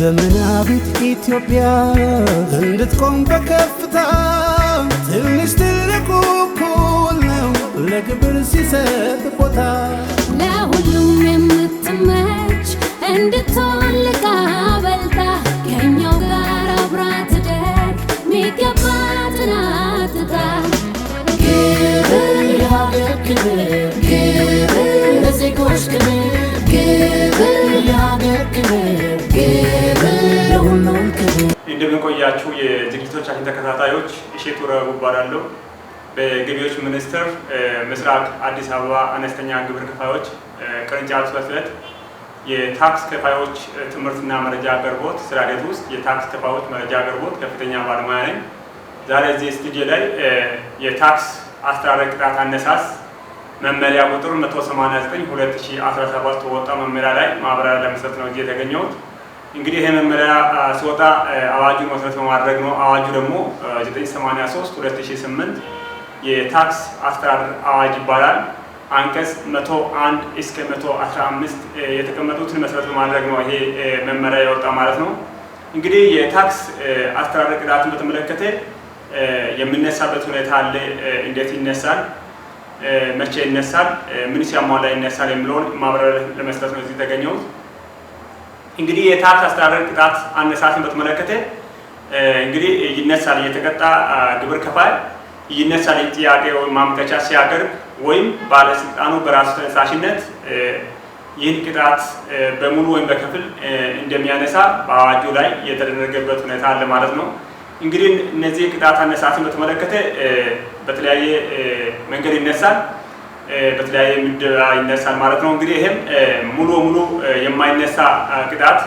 ዘመናዊት ኢትዮጵያ እንድትቆም በከፍታ ትንሽ ትልቁ እኩል ነው ለግብር ሲሰጥ ቦታ ለሁሉም የምትመች እንድትሆን ልቃበልታ ከኛው ጋር አብራ ትደግ ሚገባትን አትጣ ግብር ለሀገር ክብር ግብር ለዜጎች ክብር ግብር ለሀገር ክብር የቆያችሁ የዝግጅቶቻችን ተከታታዮች እሸቱ ረቡዕ እባላለሁ። በገቢዎች ሚኒስቴር ምስራቅ አዲስ አበባ አነስተኛ ግብር ከፋዮች ቅርንጫፍ ጽሕፈት ቤት የታክስ ከፋዮች ትምህርትና መረጃ አቅርቦት ስራ ሂደት ውስጥ የታክስ ከፋዮች መረጃ አቅርቦት ከፍተኛ ባለሙያ ነኝ። ዛሬ እዚህ ስቱዲዮ ላይ የታክስ አስተዳደር ቅጣት አነሳስ መመሪያ ቁጥር 189 2017 በወጣ መመሪያ ላይ ማብራሪያ ለመስጠት ነው እዚህ የተገኘሁት። እንግዲህ ይህ መመሪያ ሲወጣ አዋጁን መሰረት በማድረግ ነው። አዋጁ ደግሞ 983 2008 የታክስ አስተዳደር አዋጅ ይባላል። አንቀጽ 101 እስከ 115 የተቀመጡትን መሰረት በማድረግ ነው ይሄ መመሪያ የወጣ ማለት ነው። እንግዲህ የታክስ አስተዳደር ቅጣትን በተመለከተ የምነሳበት ሁኔታ አለ። እንዴት ይነሳል፣ መቼ ይነሳል፣ ምን ሲያሟላ ይነሳል የሚለውን ማብራሪያ ለመስጠት ነው እዚህ የተገኘሁት። እንግዲህ የታክስ አስተዳደር ቅጣት አነሳስን በተመለከተ እንግዲህ ይነሳል የተቀጣ ግብር ከፋይ ይነሳል ጥያቄ ወይም ማመልከቻ ሲያቀርብ ወይም ባለስልጣኑ በራሱ ተነሳሽነት ይህን ቅጣት በሙሉ ወይም በከፍል እንደሚያነሳ በአዋጁ ላይ የተደረገበት ሁኔታ አለ ማለት ነው። እንግዲህ እነዚህ ቅጣት አነሳስን በተመለከተ በተለያየ መንገድ ይነሳል። በተለያየ ምድብ ይነሳል ማለት ነው። እንግዲህ ይህም ሙሉ ሙሉ የማይነሳ ቅጣት፣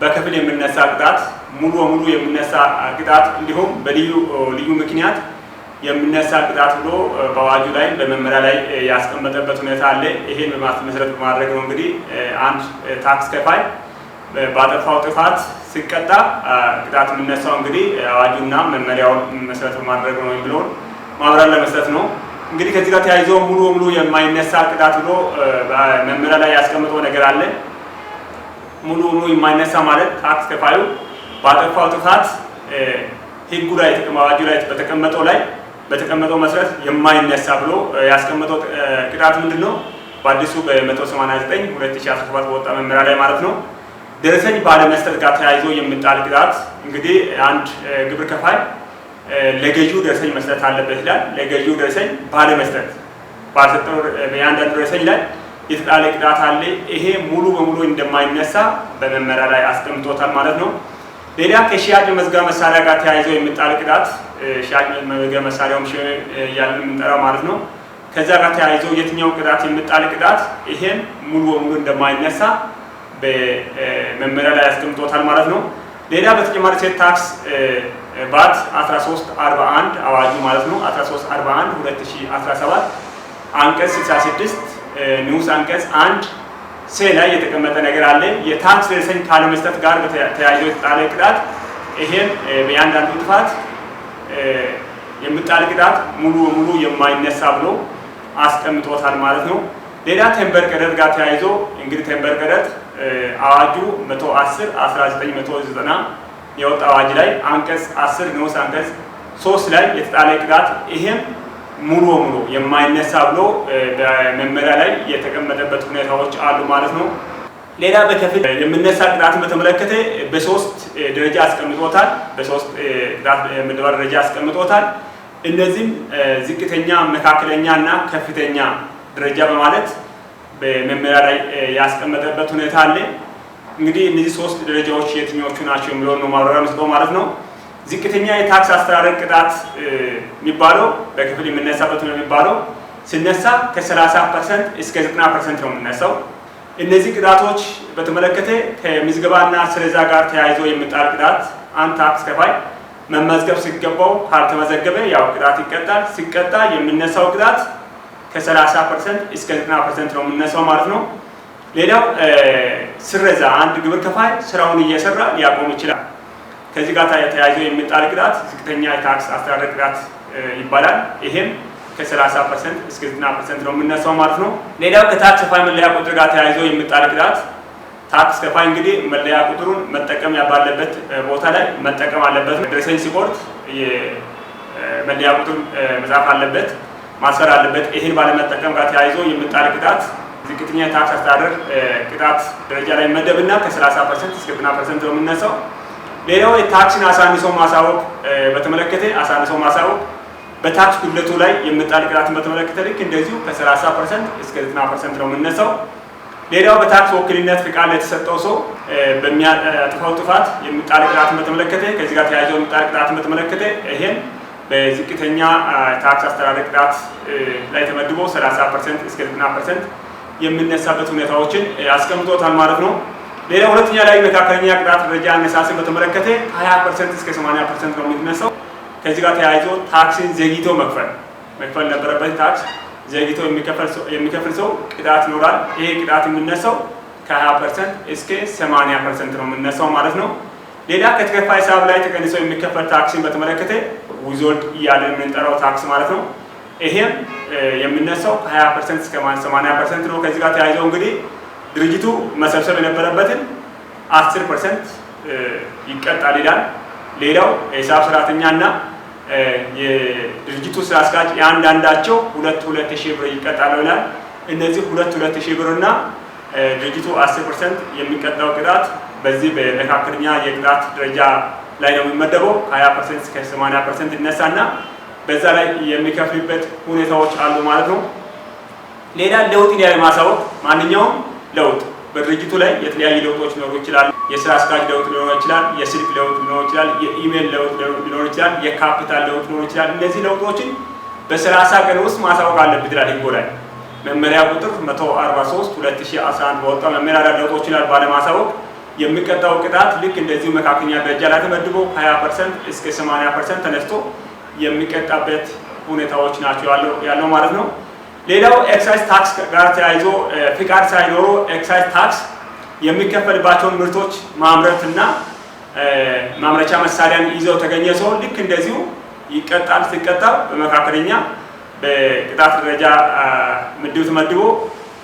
በከፍል የሚነሳ ቅጣት፣ ሙሉ ሙሉ የሚነሳ ቅጣት እንዲሁም በልዩ ልዩ ምክንያት የሚነሳ ቅጣት ብሎ በአዋጁ ላይ በመመሪያ ላይ ያስቀመጠበት ሁኔታ አለ። ይሄን በመሰረት በማድረግ ነው እንግዲህ አንድ ታክስ ከፋይ ባጠፋው ጥፋት ሲቀጣ ቅጣት የሚነሳው እንግዲህ አዋጁና መመሪያውን መሰረት በማድረግ ነው የሚለውን ማብራሪያ ለመስጠት ነው። እንግዲህ ከዚህ ጋር ተያይዞ ሙሉ በሙሉ የማይነሳ ቅጣት ብሎ መመሪያ ላይ ያስቀምጠው ነገር አለ። ሙሉ በሙሉ የማይነሳ ማለት ታክስ ከፋዩ ባጠፋው ጥፋት ህጉ ላይ አዋጁ ላይ በተቀመጠው ላይ በተቀመጠው መሰረት የማይነሳ ብሎ ያስቀመጠው ቅጣት ምንድን ነው? በአዲሱ በ189 2017 በወጣ መመሪያ ላይ ማለት ነው። ደረሰኝ ባለመስጠት ጋር ተያይዞ የሚጣል ቅጣት እንግዲህ አንድ ግብር ከፋይ ለገዢው ደረሰኝ መስጠት አለበት ይላል። ለገዢው ደረሰኝ ባለመስጠት ባልሰጠው የአንዳንድ ደረሰኝ ላይ የተጣለ ቅጣት አለ። ይሄ ሙሉ በሙሉ እንደማይነሳ በመመሪያ ላይ አስቀምጦታል ማለት ነው። ሌላ ከሽያጭ መዝጊያ መሳሪያ ጋር ተያይዘው የሚጣል ቅጣት ሽያጭ መዝጊያ መሳሪያውም እያልን የምንጠራው ማለት ነው። ከዛ ጋር ተያይዘው የትኛው ቅጣት የሚጣል ቅጣት ይሄም ሙሉ በሙሉ እንደማይነሳ በመመሪያ ላይ አስቀምጦታል ማለት ነው። ሌላ በተጨማሪ ሴት ታክስ ባት 1341 አዋጁ ማለት ነው 1341 2017 አንቀጽ 66 ንዑስ አንቀጽ 1 ሴ ላይ የተቀመጠ ነገር አለ። የታክስ ደረሰኝ ካለመስጠት ጋር ተያይዞ የተጣለ ቅጣት ይሄም በእያንዳንዱ ጥፋት የምጣል ቅጣት ሙሉ በሙሉ የማይነሳ ብሎ አስቀምጦታል ማለት ነው። ሌላ ቴምበር ቀረጥ ጋር ተያይዞ እንግዲህ ቴምበር ቀረጥ አዋጁ 110 1990 የወጣ አዋጅ ላይ አንቀጽ 10 ንዑስ አንቀጽ 3 ላይ የተጣለ ቅጣት ይህም ሙሉ በሙሉ የማይነሳ ብሎ በመመሪያ ላይ የተቀመጠበት ሁኔታዎች አሉ ማለት ነው። ሌላ በከፊል የምነሳ ቅጣትን በተመለከተ በሶስት ደረጃ አስቀምጦታል። በሶስት ቅጣት ምድባ ደረጃ አስቀምጦታል። እነዚህም ዝቅተኛ፣ መካከለኛ እና ከፍተኛ ደረጃ በማለት በመመሪያ ላይ ያስቀመጠበት ሁኔታ አለ። እንግዲህ እነዚህ ሶስት ደረጃዎች የትኞቹ ናቸው የሚለውን ነው ማብራሪያ መስጠው ማለት ነው። ዝቅተኛ የታክስ አስተዳደር ቅጣት የሚባለው በክፍል የምነሳበት ነው የሚባለው ሲነሳ ከ30 ፐርሰንት እስከ 90 ፐርሰንት ነው የምነሳው። እነዚህ ቅጣቶች በተመለከተ ከምዝገባና ስለዛ ጋር ተያይዞ የምጣል ቅጣት አንድ ታክስ ከፋይ መመዝገብ ሲገባው ካልተመዘገበ ያው ቅጣት ይቀጣል። ሲቀጣ የምነሳው ቅጣት ከ30 ፐርሰንት እስከ 90 ፐርሰንት ነው የምነሳው ማለት ነው። ሌላው ስረዛ አንድ ግብር ከፋይ ስራውን እየሰራ ሊያቆም ይችላል። ከዚህ ጋር ተያይዞ የሚጣል ቅጣት ዝቅተኛ የታክስ አስተዳደር ቅጣት ይባላል። ይሄም ከ30 ፐርሰንት እስከ 90 ፐርሰንት ነው የምነሳው ማለት ነው። ሌላው ከታክስ ከፋይ መለያ ቁጥር ጋር ተያይዞ የሚጣል ቅጣት ታክስ ከፋይ እንግዲህ መለያ ቁጥሩን መጠቀም ያባለበት ቦታ ላይ መጠቀም አለበት። ድሬሰኝ ሲቆርጥ መለያ ቁጥር መጻፍ አለበት፣ ማሰር አለበት። ይህን ባለመጠቀም ጋር ተያይዞ የሚጣል ቅጣት ዝቅተኛ ታክስ አስተዳደር ቅጣት ደረጃ ላይ መደብና ከ30 ፐርሰንት እስከ 90 ፐርሰንት ነው የምነሳው። ሌላው የታክስን አሳንሶ ማሳወቅ በተመለከተ አሳንሶ ማሳወቅ በታክስ ጉድለቱ ላይ የምጣል ቅጣትን በተመለከተ ልክ እንደዚሁ ከ30 ፐርሰንት እስከ 90 ፐርሰንት ነው የምነሳው። ሌላው በታክስ ወኪልነት ፍቃድ ለተሰጠው ሰው በሚያጥፋው ጥፋት የምጣል ቅጣትን በተመለከተ ከዚህ ጋር ተያይዘው የምጣል ቅጣትን በተመለከተ ይሄን በዝቅተኛ ታክስ አስተዳደር ቅጣት ላይ ተመድቦ 30 ፐርሰንት እስከ 90 ፐርሰንት የምነሳበት ሁኔታዎችን አስቀምጦታል ማለት ነው። ሌላ ሁለተኛ ላይ መካከለኛ ቅጣት ደረጃ አነሳስን በተመለከተ 20 ፐርሰንት እስከ 80 ፐርሰንት ነው የሚነሳው። ከዚህ ጋር ተያይዞ ታክስን ዘግይቶ መክፈል መክፈል ነበረበት ታክስ ዘግይቶ የሚከፍል ሰው ቅጣት ይኖራል። ይሄ ቅጣት የምነሳው ከ20 ፐርሰንት እስከ 80 ፐርሰንት ነው የምነሳው ማለት ነው። ሌላ ከተከፋይ ሂሳብ ላይ ተቀንሰው የሚከፈል ታክስን በተመለከተ ዊዞልድ እያለን የምንጠራው ታክስ ማለት ነው። ይሄም የምነሳው ከ20 ፐርሰንት እስከ 80 ፐርሰንት ነው። ከዚህ ጋር ተያይዘው እንግዲህ ድርጅቱ መሰብሰብ የነበረበትን 10 ፐርሰንት ይቀጣል ይላል። ሌላው የሂሳብ ሰራተኛ እና የድርጅቱ ስራ አስኪያጅ የአንዳንዳቸው ሁለት ሁለት ሺህ ብር ይቀጣል ይላል። እነዚህ ሁለት ሁለት ሺህ ብር እና ድርጅቱ 10 ፐርሰንት የሚቀጣው ቅጣት በዚህ በመካከለኛ የቅጣት ደረጃ ላይ ነው የሚመደበው። 20 ፐርሰንት እስከ 80 ፐርሰንት ይነሳና በዛ ላይ የሚከፍልበት ሁኔታዎች አሉ ማለት ነው። ሌላ ለውጥ ላይ ማሳወቅ ማንኛውም ለውጥ በድርጅቱ ላይ የተለያዩ ለውጦች ሊኖሩ ይችላሉ። የስራ አስኪያጅ ለውጥ ሊኖር ይችላል። የስልክ ለውጥ ሊኖር ይችላል። የኢሜል ለውጥ ሊኖር ይችላል። የካፒታል ለውጥ ሊኖር ይችላል። እነዚህ ለውጦችን በሰላሳ ቀን ውስጥ ማሳወቅ አለብህ ይላል ህጎ ላይ መመሪያ ቁጥር 143 2011 በወጣ መመሪያ ላይ ለውጦችን ባለማሳወቅ የሚቀጣው ቅጣት ልክ እንደዚሁ መካከለኛ ደረጃ ላይ ተመድቦ 20 ፐርሰንት እስከ 80 ፐርሰንት ተነስቶ የሚቀጣበት ሁኔታዎች ናቸው ያለው ማለት ነው። ሌላው ኤክሳይዝ ታክስ ጋር ተያይዞ ፍቃድ ሳይኖሩ ኤክሳይዝ ታክስ የሚከፈልባቸውን ምርቶች ማምረትና ማምረቻ መሳሪያን ይዘው ተገኘ ሰው ልክ እንደዚሁ ይቀጣል። ሲቀጣ በመካከለኛ በቅጣት ደረጃ ምድብ ተመድቦ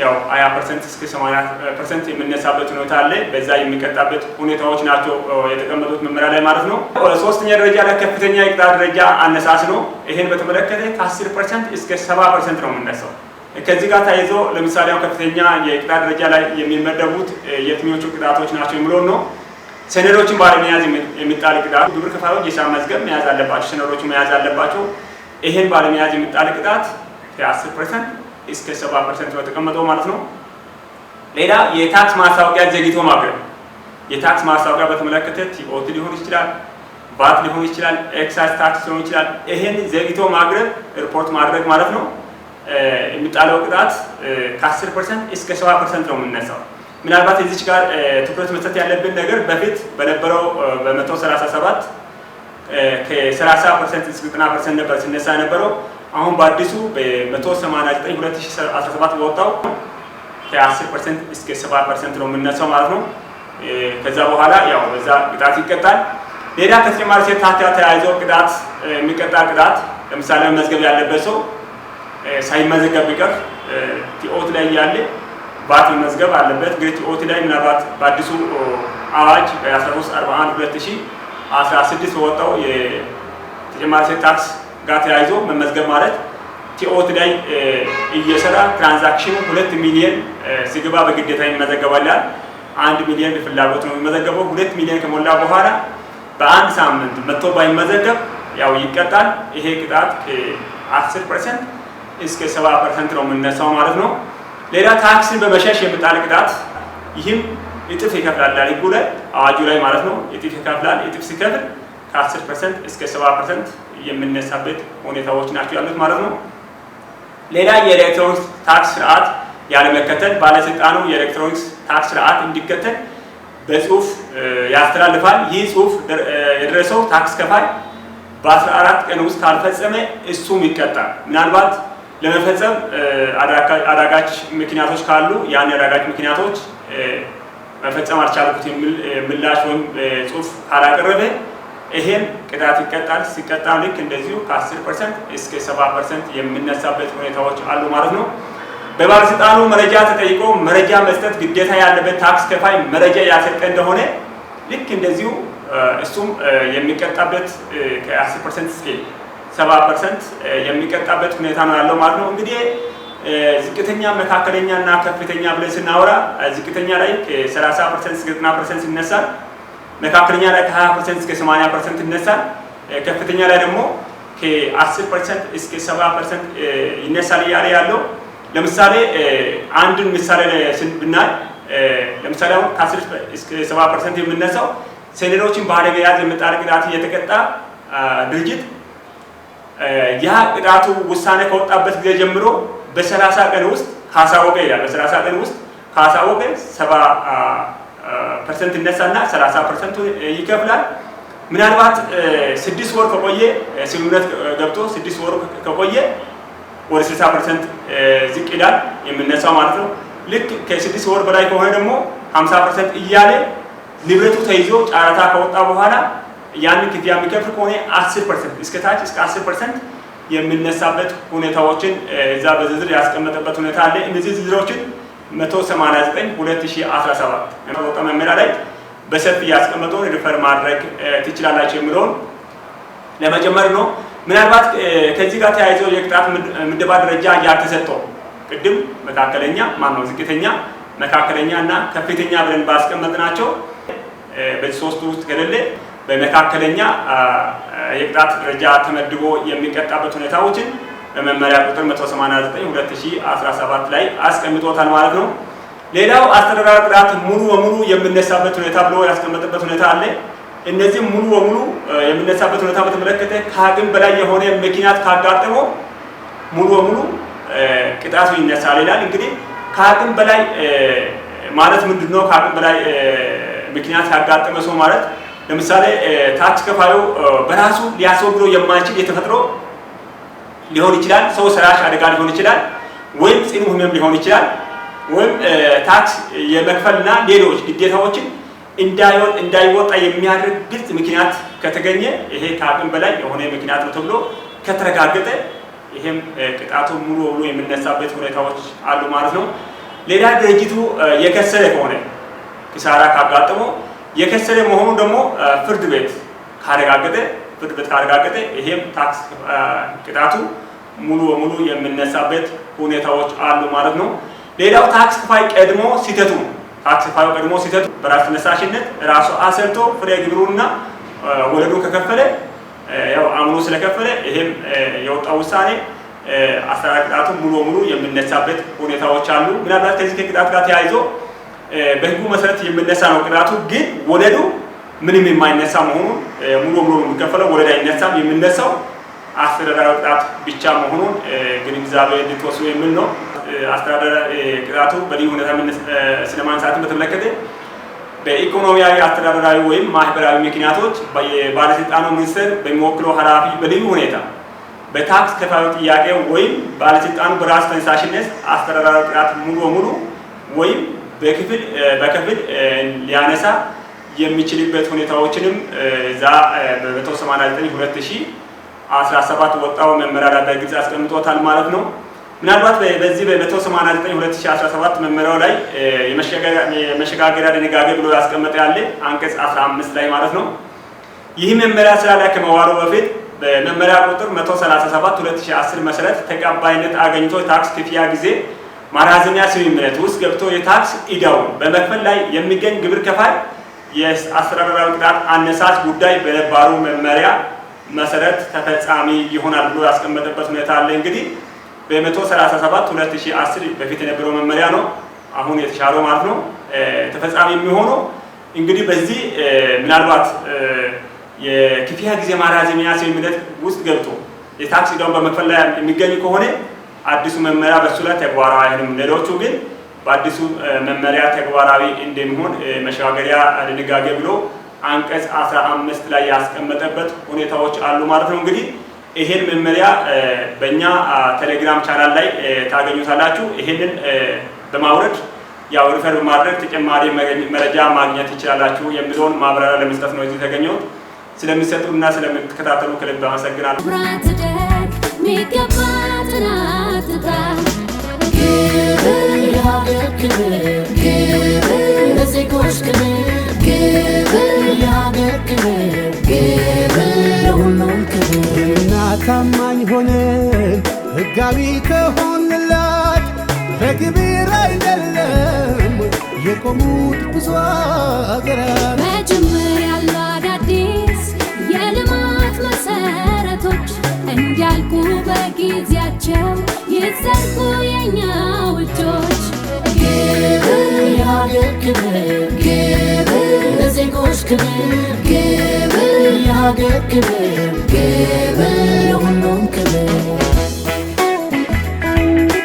ያው ሀያ ፐርሰንት እስከ ሰማንያ ፐርሰንት የምነሳበት ሁኔታ አለ። በዛ የሚቀጣበት ሁኔታዎች ናቸው የተቀመጡት መመሪያ ላይ ማለት ነው። ሶስተኛ ደረጃ ላይ ከፍተኛ የቅጣት ደረጃ አነሳስ ነው። ይህን በተመለከተ ከአስር ፐርሰንት እስከ ሰባ ፐርሰንት ነው የምነሳው። ከዚህ ጋር ተያይዞ ለምሳሌ ከፍተኛ የቅጣት ደረጃ ላይ የሚመደቡት የትኞቹ ቅጣቶች ናቸው የሚለውን ነው። ሰነዶችን ባለመያዝ የሚጣል ቅጣት፣ ግብር ከፋዮች የሂሳብ መዝገብ መያዝ አለባቸው፣ ሰነዶችን መያዝ አለባቸው። ይህን ባለመያዝ የሚጣል ቅጣት ከአስር ፐርሰንት እስከ 70 ፐርሰንት ነው የተቀመጠው ማለት ነው። ሌላ የታክስ ማስታወቂያ ዘግይቶ ማቅረብ የታክስ ማስታወቂያ በተመለከተ ቲኦቲ ሊሆን ይችላል፣ ቫት ሊሆን ይችላል፣ ኤክሳይዝ ታክስ ሊሆን ይችላል። ይሄን ዘግይቶ ማቅረብ ሪፖርት ማድረግ ማለት ነው የሚጣለው ቅጣት ከ10 ፐርሰንት እስከ 70 ፐርሰንት ነው የምነሳው። ምናልባት እዚች ጋር ትኩረት መስጠት ያለብን ነገር በፊት በነበረው በ137 ከ30 ፐርሰንት እስከ 90 ፐርሰንት ነበር ሲነሳ የነበረው አሁን በአዲሱ በ189 2017 በወጣው ከ10 ፐርሰንት እስከ 7 ፐርሰንት ነው የምነሳው ማለት ነው። ከዛ በኋላ ያው በዛ ቅጣት ይቀጣል። ሌላ ተጨማሪ ሴት ታክራ ተያይዞ ቅጣት የሚቀጣ ቅጣት ለምሳሌ መመዝገብ ያለበት ሰው ሳይመዘገብ ቢቀር ቲኦት ላይ ያለ ባት መመዝገብ አለበት። ግን ቲኦት ላይ ምናልባት በአዲሱ አዋጅ በ1341 2016 በወጣው የተጨማሪ ሴት ታክስ ጋር ተያይዞ መመዝገብ ማለት ቲኦት ላይ እየሰራ ትራንዛክሽኑ ሁለት ሚሊየን ሲገባ በግዴታ ይመዘገባላል። አንድ ሚሊየን ፍላጎት ነው የሚመዘገበው። ሁለት ሚሊዮን ከሞላ በኋላ በአንድ ሳምንት መጥቶ ባይመዘገብ ያው ይቀጣል። ይሄ ቅጣት ከአስር ፐርሰንት እስከ ሰባ ፐርሰንት ነው የምነሳው ማለት ነው። ሌላ ታክስን በመሸሽ የምጣል ቅጣት ይህም እጥፍ ይከፍላል። ህጉ ላይ አዋጁ ላይ ማለት ነው እጥፍ ይከፍላል። እጥፍ ሲከፍል ከአስር ፐርሰንት እስከ ሰባ ፐርሰንት የምነሳበት ሁኔታዎች ናቸው ያሉት ማለት ነው። ሌላ የኤሌክትሮኒክስ ታክስ ስርዓት ያለመከተል ባለስልጣኑ የኤሌክትሮኒክስ ታክስ ስርዓት እንዲከተል በጽሁፍ ያስተላልፋል። ይህ ጽሁፍ የደረሰው ታክስ ከፋይ በአስራ አራት ቀን ውስጥ ካልፈጸመ እሱም ይቀጣል። ምናልባት ለመፈጸም አዳጋች ምክንያቶች ካሉ ያን አዳጋች ምክንያቶች መፈጸም አልቻልኩት የሚል ምላሽ ወይም ጽሁፍ ካላቀረበ ይሄን ቅጣት ይቀጣል። ሲቀጣ ልክ እንደዚሁ ከ10 ፐርሰንት እስከ 7 ፐርሰንት የሚነሳበት ሁኔታዎች አሉ ማለት ነው። በባለስልጣኑ መረጃ ተጠይቆ መረጃ መስጠት ግዴታ ያለበት ታክስ ከፋይ መረጃ ያሰጠ እንደሆነ ልክ እንደዚሁ እሱም የሚቀጣበት ከ10 ፐርሰንት እስከ 7 ፐርሰንት የሚቀጣበት ሁኔታ ነው ያለው ማለት ነው። እንግዲህ ዝቅተኛ መካከለኛ እና ከፍተኛ ብለን ስናወራ ዝቅተኛ ላይ ከ30 ፐርሰንት እስከ 90 ፐርሰንት ይነሳል። መካከለኛ ላይ ከ20 ፐርሰንት እስከ 80 ፐርሰንት ይነሳል። ከፍተኛ ላይ ደግሞ ከ10 ፐርሰንት እስከ 70 ፐርሰንት ይነሳል እያለ ያለው ለምሳሌ አንድን ምሳሌ ብናይ ለምሳሌ አሁን ከ10 እስከ 70 ፐርሰንት የምነሳው ሰሌዳዎችን በአደጋ የያዘ የምጣድ ቅጣት እየተቀጣ ድርጅት ያ ቅጣቱ ውሳኔ ከወጣበት ጊዜ ጀምሮ በ30 ቀን ውስጥ ካሳወቀ ይላል በ30 ቀን ውስጥ ካሳወቀ ፐርሰንት ይነሳና 30 ፐርሰንቱ ይከፍላል። ምናልባት ስድስት ወር ከቆየ ስምምነት ገብቶ ስድስት ወር ከቆየ ወደ 60 ፐርሰንት ዝቅ ይላል የምነሳው ማለት ነው። ልክ ከስድስት ወር በላይ ከሆነ ደግሞ 50 ፐርሰንት እያለ ንብረቱ ተይዞ ጨረታ ከወጣ በኋላ ያንን ክፍያ የሚከፍል ከሆነ 10 ፐርሰንት እስከ ታች እስከ 10 ፐርሰንት የምነሳበት ሁኔታዎችን እዛ በዝርዝር ያስቀመጠበት ሁኔታ አለ። እነዚህ ዝርዝሮችን 189 2017 ሮቀ መመሪያ ላይ በሰፊ ያስቀመጠውን ሪፈር ማድረግ ትችላላቸው የሚለውን ለመጀመር ነው። ምናልባት ከዚህ ጋር ተያይዘው የቅጣት ምደባ ደረጃ ያልተሰጠው ቅድም መካከለኛ ማነው ዝቅተኛ፣ መካከለኛ እና ከፍተኛ ብለን ባስቀመጥናቸው በዚህ ሶስቱ ውስጥ ከሌለ በመካከለኛ የቅጣት ደረጃ ተመድቦ የሚቀጣበት ሁኔታዎችን በመመሪያ ቁጥር 189 2017 ላይ አስቀምጦታል ማለት ነው። ሌላው አስተዳደራዊ ጥራት ሙሉ በሙሉ የምነሳበት ሁኔታ ብሎ ያስቀመጠበት ሁኔታ አለ። እነዚህም ሙሉ በሙሉ የምነሳበት ሁኔታ በተመለከተ ከአቅም በላይ የሆነ ምክንያት ካጋጠመው ሙሉ በሙሉ ቅጣቱ ይነሳል ይላል። እንግዲህ ከአቅም በላይ ማለት ምንድን ነው? ከአቅም በላይ ምክንያት ያጋጠመ ሰው ማለት ለምሳሌ ታክስ ከፋዩ በራሱ ሊያስወግደው የማይችል የተፈጥሮ ሊሆን ይችላል፣ ሰው ሰራሽ አደጋ ሊሆን ይችላል፣ ወይም ጽኑ ህመም ሊሆን ይችላል፣ ወይም ታክስ የመክፈልና ሌሎች ግዴታዎችን እንዳይወጣ የሚያደርግ ግልጽ ምክንያት ከተገኘ ይሄ ከአቅም በላይ የሆነ ምክንያት ነው ተብሎ ከተረጋገጠ ይሄም ቅጣቱ ሙሉ ብሎ የሚነሳበት ሁኔታዎች አሉ ማለት ነው። ሌላ ድርጅቱ የከሰለ ከሆነ ክሳራ ካጋጠመው የከሰለ መሆኑ ደግሞ ፍርድ ቤት ካረጋገጠ ፍቅድ ካረጋገጠ ይሄም ታክስ ቅጣቱ ሙሉ በሙሉ የሚነሳበት ሁኔታዎች አሉ ማለት ነው። ሌላው ታክስ ክፋይ ቀድሞ ሲተቱ ታክስ ክፋዩ ቀድሞ ሲተቱ በራስ ተነሳሽነት ራሱ አሰርቶ ፍሬ ግብሩና ወለዱ ከከፈለ ያው አምኖ ስለከፈለ ይሄም የወጣው ውሳኔ አሰራር ቅጣቱ ሙሉ በሙሉ የምነሳበት ሁኔታዎች አሉ። ምናልባት ከዚህ ከቅጣት ጋር ተያይዞ በህጉ መሰረት የሚነሳ ነው ቅጣቱ ግን ወለዱ ምንም የማይነሳ መሆኑን ሙሉ ሙሉ የሚከፈለው ወረዳ አይነሳም። የምነሳው አስተዳደራዊ ቅጣት ብቻ መሆኑን ግንዛቤ እንድትወስዱ የሚል ነው። አስተዳደር ቅጣቱ በልዩ ሁኔታ ስለማንሳትን በተመለከተ በኢኮኖሚያዊ አስተዳደራዊ ወይም ማህበራዊ ምክንያቶች ባለስልጣኑ ሚኒስትር በሚወክለው ኃላፊ በልዩ ሁኔታ በታክስ ከፋዩ ጥያቄ ወይም ባለስልጣኑ በራስ ተነሳሽነት አስተዳደራዊ ቅጣት ሙሉ በሙሉ ወይም በክፍል በክፍል ሊያነሳ የሚችልበት ሁኔታዎችንም እዛ በመቶ ሰማንያ ዘጠኝ ሁለት ሺህ አስራ ሰባት ወጣው መመሪያ ላይ ግልጽ አስቀምጦታል ማለት ነው። ምናልባት በዚህ በመቶ ሰማንያ ዘጠኝ ሁለት ሺህ አስራ ሰባት መመሪያው ላይ የመሸጋገሪያ ድንጋጌ ብሎ ያስቀመጠ ያለ አንቀጽ አስራ አምስት ላይ ማለት ነው። ይህ መመሪያ ስራ ላይ ከመዋሉ በፊት በመመሪያ ቁጥር 137 2010 መሰረት ተቀባይነት አገኝቶ የታክስ ክፍያ ጊዜ ማራዘሚያ ስምምነት ውስጥ ገብቶ የታክስ ኢዳውን በመክፈል ላይ የሚገኝ ግብር ከፋይ የአስተዳደራዊ ቅጣት አነሳስ ጉዳይ በነባሩ መመሪያ መሰረት ተፈጻሚ ይሆናል ብሎ ያስቀመጠበት ሁኔታ አለ። እንግዲህ በ137 2010 በፊት የነበረው መመሪያ ነው አሁን የተሻለው ማለት ነው ተፈጻሚ የሚሆነው። እንግዲህ በዚህ ምናልባት የክፍያ ጊዜ ማራዘሚያ ስምምነት ውስጥ ገብቶ የታክስ ዕዳውን በመክፈል ላይ የሚገኝ ከሆነ አዲሱ መመሪያ በሱ ላይ ተግባራዊ አይሆንም። ሌሎቹ ግን በአዲሱ መመሪያ ተግባራዊ እንደሚሆን መሻገሪያ ድንጋጌ ብሎ አንቀጽ አስራ አምስት ላይ ያስቀመጠበት ሁኔታዎች አሉ ማለት ነው። እንግዲህ ይሄን መመሪያ በእኛ ቴሌግራም ቻናል ላይ ታገኙታላችሁ። ይሄንን በማውረድ ያው ሪፈር በማድረግ ተጨማሪ መረጃ ማግኘት ይችላላችሁ የሚለውን ማብራሪያ ለመስጠት ነው እዚህ የተገኘሁት። ስለሚሰጡና ስለምትከታተሉ ከልብ አመሰግናለሁ። ለሀገር ክብር ክብር ለዜጎች ክብር ክብር ለሀገር ክብር ለሁሉም ክብር እና ታማኝ ከሆንላት በግብር አይደለም የቆሙት ብዙ አገራት መጀመሪያ አዳዲስ የልማት መሰረቶች እንዲያልቁ በጊዜያቸው ይዘርጉ ውጆች ክብር የሀገር ክብር ክብር ለዜጎች ክብር ክብር የሀገር ክብር ክብር ለሁሉም ክብር